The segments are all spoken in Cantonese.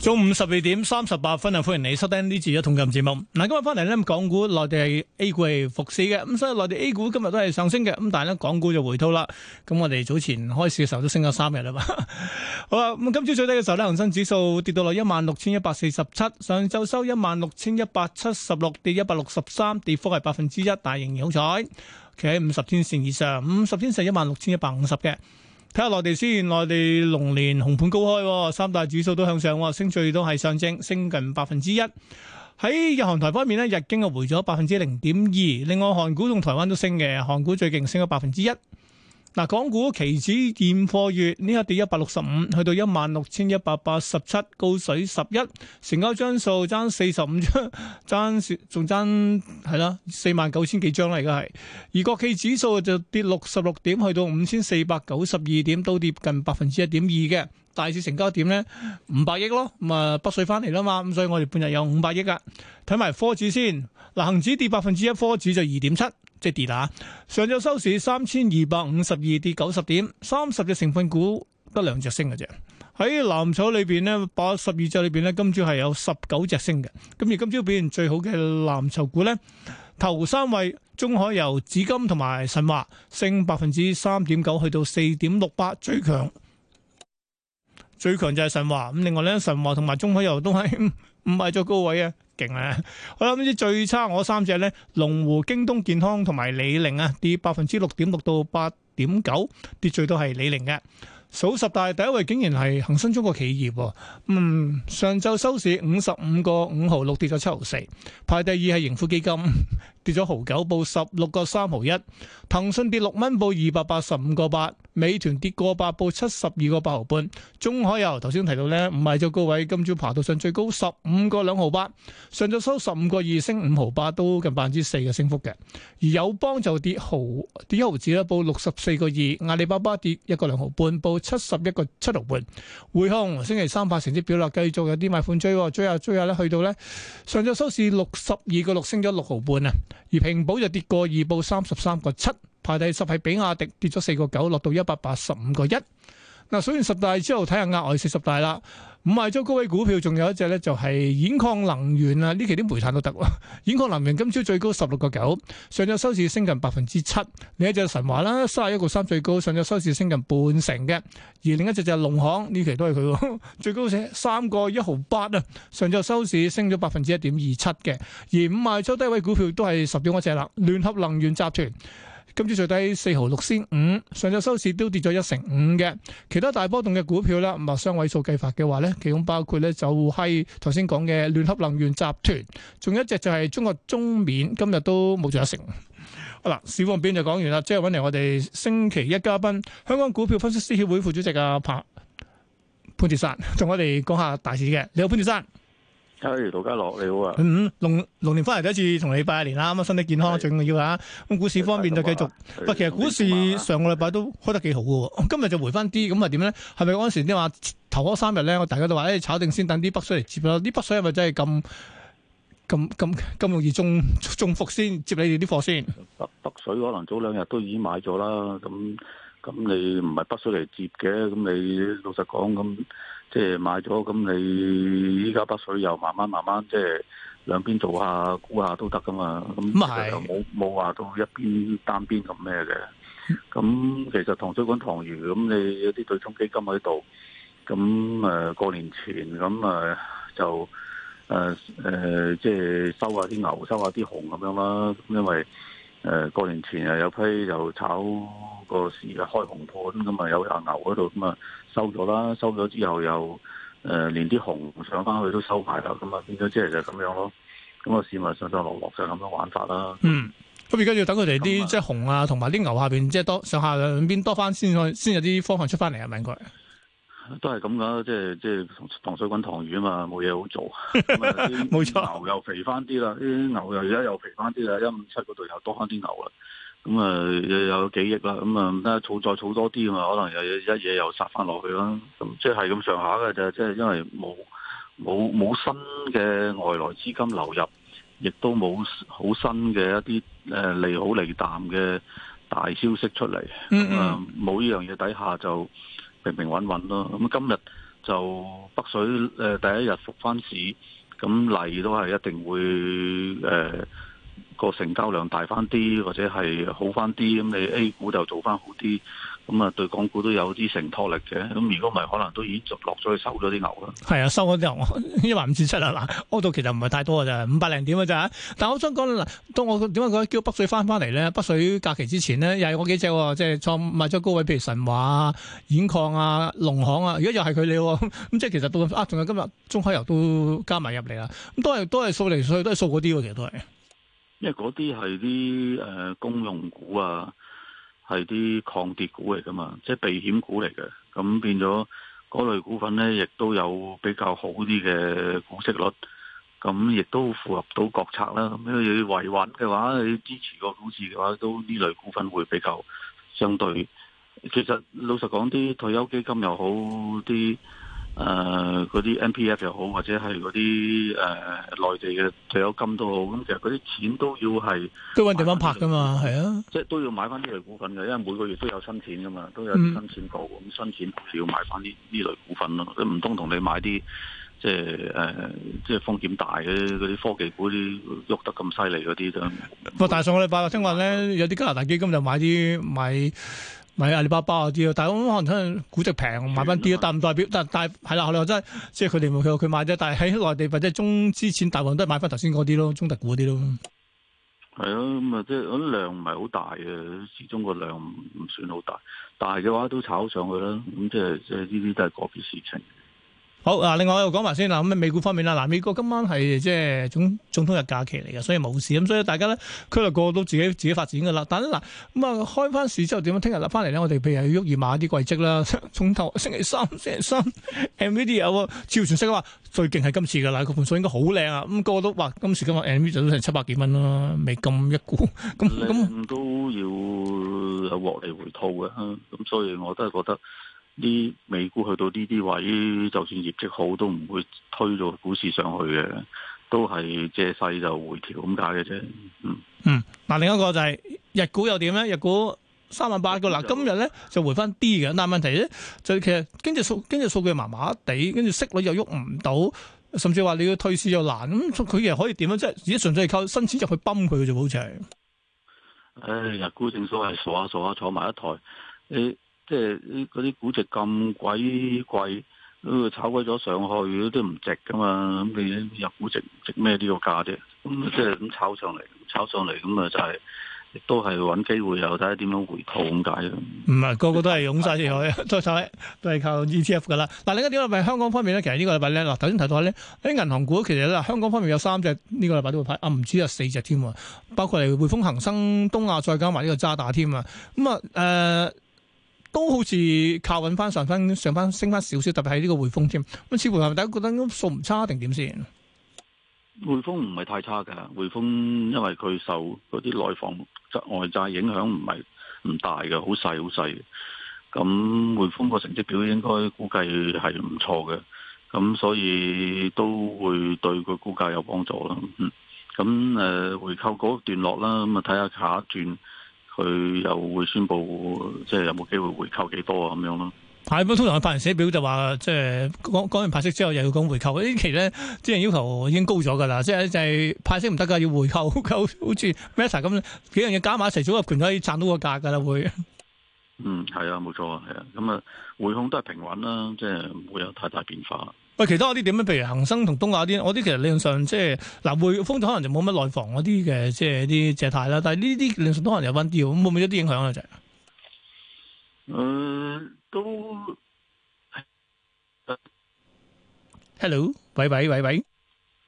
中午十二點三十八分啊，歡迎你收聽呢次嘅《痛金節目》。嗱，今日翻嚟呢，港股、內地 A 股係復市嘅，咁所以內地 A 股今日都係上升嘅，咁但係呢，港股就回吐啦。咁我哋早前開市嘅時候都升咗三日啦嘛。 好啦、啊，咁今朝最低嘅時候呢，恒生指數跌到落一萬六千一百四十七，上晝收一萬六千一百七十六，跌一百六十三，跌幅係百分之一，但仍然好彩，企喺五十天線以上，五十天線係一萬六千一百五十嘅。睇下內地先，內地龍年紅盤高開，三大指數都向上，升最多係上證，升近百分之一。喺日韓台方面咧，日經回咗百分之零點二，另外韓股同台灣都升嘅，韓股最勁，升咗百分之一。嗱，港股期指現貨月呢一跌一百六十五，去到一萬六千一百八十七，高水十一，成交張數爭四十五張，爭仲爭係啦，四萬九千幾張啦，而家係。而國企指數就跌六十六點，去到五千四百九十二點，都跌近百分之一點二嘅。大市成交點咧五百億咯，咁啊北水翻嚟啦嘛，咁所以我哋半日有五百億噶。睇埋科指先，嗱，恒指跌百分之一，科指就二點七。即係跌啦、啊，上晝收市三千二百五十二跌九十點，三十隻成分股得兩隻升嘅啫。喺藍籌裏邊呢，八十二隻裏邊呢，今朝係有十九隻升嘅。咁而今朝表現最好嘅藍籌股呢，頭三位中海油、紫金同埋神華，升百分之三點九，去到四點六八，最強。最強就係神華。咁另外咧，神華同埋中海油都係唔係最高位啊。勁咧， 好啦，我諗知最差我三隻咧，龍湖、京東健康同埋李寧啊，跌百分之六點六到八點九，跌最多係李寧嘅。數十大第一位竟然係恒生中國企業，嗯，上晝收市五十五個五毫六，跌咗七毫四，排第二係盈富基金。跌咗毫九，報十六個三毫一；騰訊跌六蚊，報二百八十五個八；美團跌個八，報七十二個八毫半；中海油頭先提到呢，唔係咗高位，今朝爬到上最高十五個兩毫八，上晝收十五個二，升五毫八，都近百分之四嘅升幅嘅。而友邦就跌毫跌一毫紙啦，報六十四個二；阿里巴巴跌一個兩毫半，報七十一個七毫半。匯控星期三發成績表啦，繼續有啲買款追，追下、啊、追下、啊、咧、啊，去到呢上晝收市六十二個六，升咗六毫半啊！而平保就跌過二，報三十三個七。排第十係比亞迪跌咗四個九，落到一百八十五個一。嗱，數完十大之後睇下額外四十大啦，五賣咗高位股票，仲有一隻咧就係兗礦能源啊，呢期啲煤炭都得喎。兗礦能源今朝最高十六個九，上晝收市升近百分之七。另一隻神華啦，三十一個三最高，上晝收市升近半成嘅。而另一隻就係農行，呢期都係佢喎，最高寫三個一毫八啊，上晝收市升咗百分之一點二七嘅。而五賣咗低位股票都係十點嗰隻啦，聯合能源集團。今朝最低四毫六仙五，上晝收市都跌咗一成五嘅。其他大波動嘅股票咧，咁啊，雙位數計法嘅話咧，其中包括咧就係頭先講嘅聯合能源集團，仲有一隻就係中國中免，今日都冇咗一成。好啦，市況片就講完啦，即係搵嚟我哋星期一嘉賓香港股票分析師協會副主席阿潘鐵珊，同我哋講下大市嘅。你好，潘鐵珊。嘉怡陶嘉樂你好啊，嗯，龍龍年翻嚟第一次同你拜年啦，咁啊身體健康最重要吓。咁股市方面就繼續，其實股市上個禮拜都開得幾好嘅，今日就回翻啲，咁啊點咧？係咪嗰陣時你話頭嗰三日咧，我大家都話誒、哎、炒定先，等啲北水嚟接咯。啲北水係咪真係咁咁咁咁容易中中伏先接你哋啲貨先？北北水可能早兩日都已經買咗啦，咁咁你唔係北水嚟接嘅，咁你老實講咁。即係買咗，咁你依家北水又慢慢慢慢，即係兩邊做下估下都得㗎嘛，咁又冇冇話到一邊單邊咁咩嘅？咁其實塘水滾塘魚，咁你有啲對沖基金喺度，咁誒過年前咁誒就誒即係收下啲牛，收下啲熊咁樣啦。因為誒過年前啊有批又炒。個市啊，開紅波咁，咁啊有啊牛嗰度咁啊收咗啦，收咗之後又誒、呃、連啲熊上翻去都收埋啦，咁啊變咗即係就咁樣咯。咁、嗯、啊，市民上上落落就咁多玩法啦。嗯，咁而家要等佢哋啲即係熊啊，同埋啲牛下邊即係多上下兩邊多翻先，先有啲方向出翻嚟係咪應該都係咁噶？即係即係糖水滾糖魚啊嘛，冇嘢好做。冇 錯， 牛又肥翻啲啦，啲牛又而家又肥翻啲啦，一五七嗰度又多翻啲牛啦。咁啊，又有幾億啦，咁啊，唔得儲再儲多啲嘛，可能又一嘢，又殺翻落去啦。咁即係咁上下嘅，就即係因為冇冇冇新嘅外來資金流入，亦都冇好新嘅一啲誒利好利淡嘅大消息出嚟。嗯，冇呢樣嘢底下就平平穩穩咯。咁今日就北水誒第一日復翻市，咁嚟都係一定會誒。呃個成交量大翻啲，或者係好翻啲咁，你 A 股就做翻好啲咁啊，對港股都有啲承托力嘅。咁如果唔係，可能都已經落咗去收咗啲牛啦。係啊，收咗啲牛因為五至七啊嗱，屙到其實唔係太多嘅咋，五百零點嘅啫。但我想講嗱，當我點解講叫北水翻翻嚟咧？北水假期之前咧，又係我幾隻即、啊、係、即係、創買咗高位，譬如神華啊、兗礦啊、農行啊，如果又係佢哋喎，咁即係其實到啊，仲有今日中海油都加埋入嚟啦。咁都係都係數嚟數去，都係數嗰啲喎，其實都係。因為嗰啲係啲誒公用股啊，係啲抗跌股嚟噶嘛，即係避險股嚟嘅，咁變咗嗰類股份呢，亦都有比較好啲嘅股息率，咁亦都符合到國策啦。咁要維穩嘅話，你支持個股市嘅話，都呢類股份會比較相對。其實老實講，啲退休基金又好啲。誒、呃，嗰啲 MPF 又好，或者係嗰啲誒內地嘅退休金都好，咁其實嗰啲錢都要係都揾地方拍噶嘛，係啊，即係都要買翻呢類股份嘅，因為每個月都有新錢噶嘛，都有啲新錢到，咁、嗯、新錢要買翻呢呢類股份咯，唔通同你買啲即係誒，即係、呃、風險大嘅嗰啲科技股，啲喐得咁犀利嗰啲啫。不，不，不過上個禮拜我聽話咧，有啲加拿大基金就買啲買。買、啊、阿里巴巴嗰啲咯，但係我可能睇到估值平，買翻啲咯。但唔代表，但係係啦，我哋真係即係佢哋佢佢買啫。但係喺內地或者中資錢，大部分都買翻頭先嗰啲咯，中特股啲咯。係啊，咁啊，即係嗰啲量唔係好大嘅，始終個量唔唔算好大。大嘅話都炒上去啦。咁即係即係呢啲都係個別事情。好嗱，另外我又講埋先啦，咁咩美股方面啦，嗱，美國今晚係即係總總統日假期嚟嘅，所以無市，咁所以大家咧，佢就個，個都自己自己發展噶啦。但係嗱，咁啊開翻市之後點樣聽日啦，翻嚟咧，我哋譬如去沃爾瑪啲季績啦，重頭星期三，星期三 M V D 有啊，NVIDIA, 超全式啊嘛，最勁係今次噶，啦，個盤數應該好靚啊，咁，個都話今時今日 M V 就都係七百幾蚊啦，美金一股，咁咁都要有獲利回吐嘅，咁所以我都係覺得。啲美股去到呢啲位，就算業績好都唔會推到股市上去嘅，都係借勢就回調咁解嘅啫。嗯，嗯，嗱，另一個就係、是、日股又點咧？日股三萬八個，嗱，今日咧就回翻啲嘅，但係問題咧，就其實經濟數經濟數據麻麻地，跟住息率又喐唔到，甚至話你要退市又難，咁佢又可以點咧？即係自己純粹靠新錢入去泵佢嘅啫，就好似係。唉、哎，日股正所謂傻下傻下坐埋一台，你、哎。即係啲嗰啲估值咁鬼貴，炒鬼咗上去都唔值噶嘛？咁你入估值值咩呢個價啫？咁、嗯、即係咁炒上嚟，炒上嚟咁啊，就係、是、亦都係揾機會，又睇下點樣回吐咁解咯。唔係個個都係湧晒啲去，都係都係靠 E T F 噶啦。嗱，另一點咧，咪香港方面咧，其實呢個禮拜咧，嗱，頭先提到咧，喺銀行股，其實嗱，香港方面有三隻呢、這個禮拜都會派，啊，唔知有四隻添啊，包括嚟匯豐、恒生、東亞，再加埋呢個渣打添啊。咁啊，誒、呃。都好似靠穩翻上翻上翻升翻少少，特別係呢個匯豐添。咁似乎係咪大家覺得數唔差定點先？匯豐唔係太差噶，匯豐因為佢受嗰啲內房外債，外債影響唔係唔大嘅，好細好細。咁匯豐個成績表應該估計係唔錯嘅，咁所以都會對個股價有幫助啦。咁誒、呃，回購，嗰段落啦，咁啊，睇下下一段。佢又會宣布，即係有冇機會回購幾多啊？咁樣咯，係咁通常佢派人寫表就話，即係講講完派息之後又要講回購。期呢期咧，之前要求已經高咗噶啦，即係就係派息唔得噶，要回購，呵呵，好似 Meta 咁幾樣嘢加埋一齊組合拳都可以賺到個價噶啦，會。嗯，係啊，冇錯啊，係啊，咁啊，匯控都係平穩啦，即係唔會有太大變化。喂，其他嗰啲點樣？譬如恒生同東亞啲，我啲其實理論上即係嗱，匯豐就可能就冇乜內房嗰啲嘅即係啲借貸啦。但係呢啲理論上都可能有温調，會唔會一啲影響啊？就，嗯，都，hello，喂喂喂喂，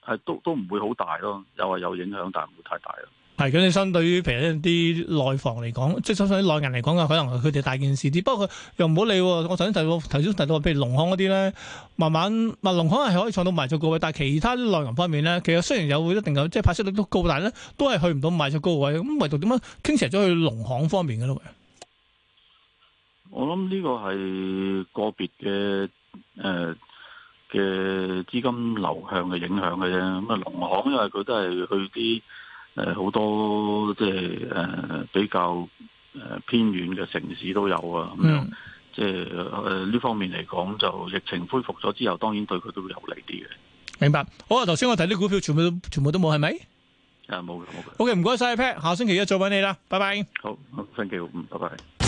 係都都唔會好大咯，又話有影響，但唔會太大啦。係，佢哋相對於譬如一啲內房嚟講，即係相信內銀嚟講嘅，可能佢哋大件事啲。不過又唔好理。我頭先提到頭先提到，譬如農行嗰啲咧，慢慢物農行係可以創到賣出高位，但係其他啲內銀方面咧，其實雖然有一定有即係派息率高都高，但係咧都係去唔到賣出高位。咁唯獨點樣，傾斜咗去農行方面嘅咯。我諗呢個係個別嘅誒嘅資金流向嘅影響嘅啫。咁啊，農行因為佢都係去啲。誒、呃，好多即係誒，比較誒偏遠嘅城市都有啊，咁樣即係呢方面嚟講，就疫情恢復咗之後，當然對佢都會有利啲嘅。明白，好啊，頭先我睇啲股票全，全部全部都冇，係咪？冇嘅，冇嘅。O K，唔該晒，Pat，下星期一再搵你啦，拜拜。好，thank you，拜拜。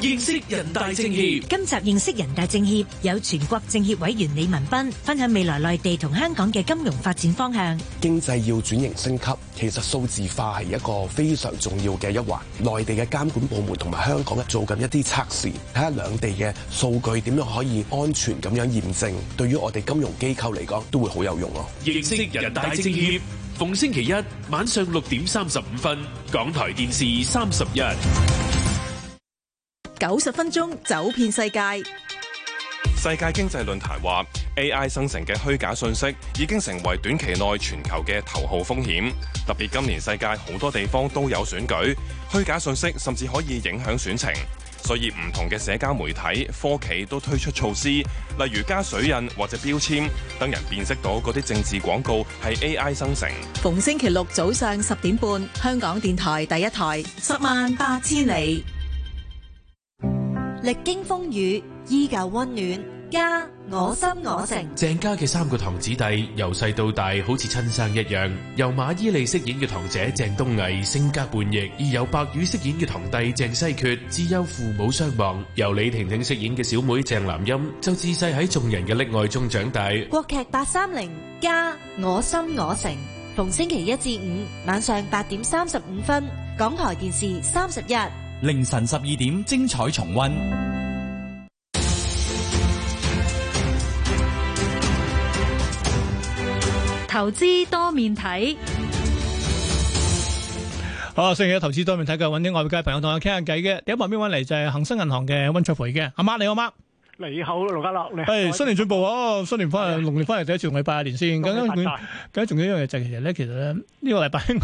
認識人大政協，今集認識人大政協，有全國政協委員李文斌分享未來內地同香港嘅金融發展方向。經濟要轉型升級，其實數字化係一個非常重要嘅一環。內地嘅監管部門同埋香港咧做緊一啲測試，睇下兩地嘅數據點樣可以安全咁樣驗證。對於我哋金融機構嚟講，都會好有用咯。認識人大政協，逢星期一晚上六點三十五分，港台電視三十一。九十分鐘走遍世界。世界經濟論壇話，AI 生成嘅虛假信息已經成為短期內全球嘅頭號風險。特別今年世界好多地方都有選舉，虛假信息甚至可以影響選情。所以唔同嘅社交媒體科企都推出措施，例如加水印或者標籤，等人辨識到嗰啲政治廣告係 AI 生成。逢星期六早上十點半，香港電台第一台，十萬八千里。歷經風雨依舊溫暖，家我心我城。鄭家嘅三個堂子弟由細到大好似親生一樣。由馬伊琍飾演嘅堂姐鄭東穎性格叛逆，而由白宇飾演嘅堂弟鄭西決自幼父母雙亡。由李婷婷飾演嘅小妹鄭南音就自細喺眾人嘅溺愛中長大。國劇八三零，家我心我城。逢星期一至五晚上八點三十五分，港台電視三十一。凌晨十二點，精彩重溫。投資多面睇，好，星期一投資多面睇，我揾啲外界朋友同我傾下偈嘅。第一部邊位嚟就係恒生銀行嘅溫卓培嘅，阿媽你好媽，阿媽。你好，盧家樂。係新年進步啊、哦！新年翻嚟，農年翻嚟，第一次同你拜下年先。咁樣，咁樣仲有一樣嘢就係其實咧，其實咧呢，實呢、呢個禮拜聽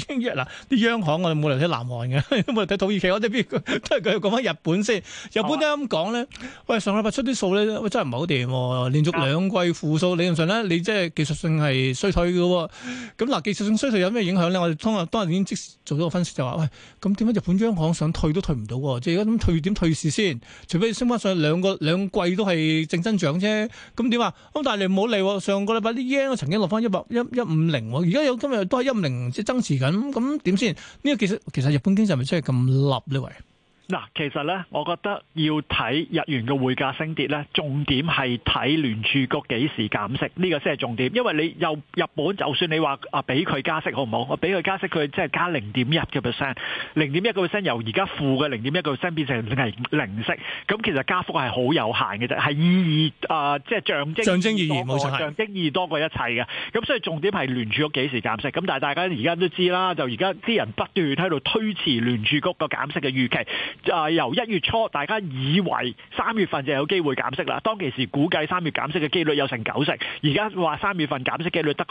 聽日嗱，啲 央行我哋冇嚟睇南韓嘅，冇嚟睇土耳其，我哋不如都係繼續講翻日本先。日本都咁講咧，喂，上禮拜出啲數咧，真係唔係好掂，連續兩季負數，理論上咧，你即係技術性係衰退嘅。咁嗱，技術性衰退有咩影響咧？我哋當日當日已經即時做咗個分析，就話喂，咁點解日本央行想退都退唔到？即係而家點退？點退市先？除非升翻上兩個兩。咁貴都係正增長啫，咁點啊？咁但係你唔好理，上個禮拜啲 yen 曾經落翻一百一一五零，而家有今日都係一五零，即係增持緊，咁點先？呢個其實其實日本經濟係咪真係咁立呢位？嗱，其實咧，我覺得要睇日元嘅匯價升跌咧，重點係睇聯儲局幾時減息，呢個先係重點。因為你又日本就算你話啊，俾佢加息好唔好？我俾佢加息，佢即係加零點一嘅 percent，零點一個 percent 由而家負嘅零點一個 percent 變成零零息，咁其實加幅係好有限嘅啫，係意義啊，即係象徵象徵意義冇錯，象徵意義多過一切嘅。咁所以重點係聯儲局幾時減息。咁但係大家而家都知啦，就而家啲人不斷喺度推遲聯儲局個減息嘅預期。就、呃、係由一月初，大家以為三月份就有機會減息啦。當其時估計三月減息嘅幾率有成九成，而家話三月份減息機率得個。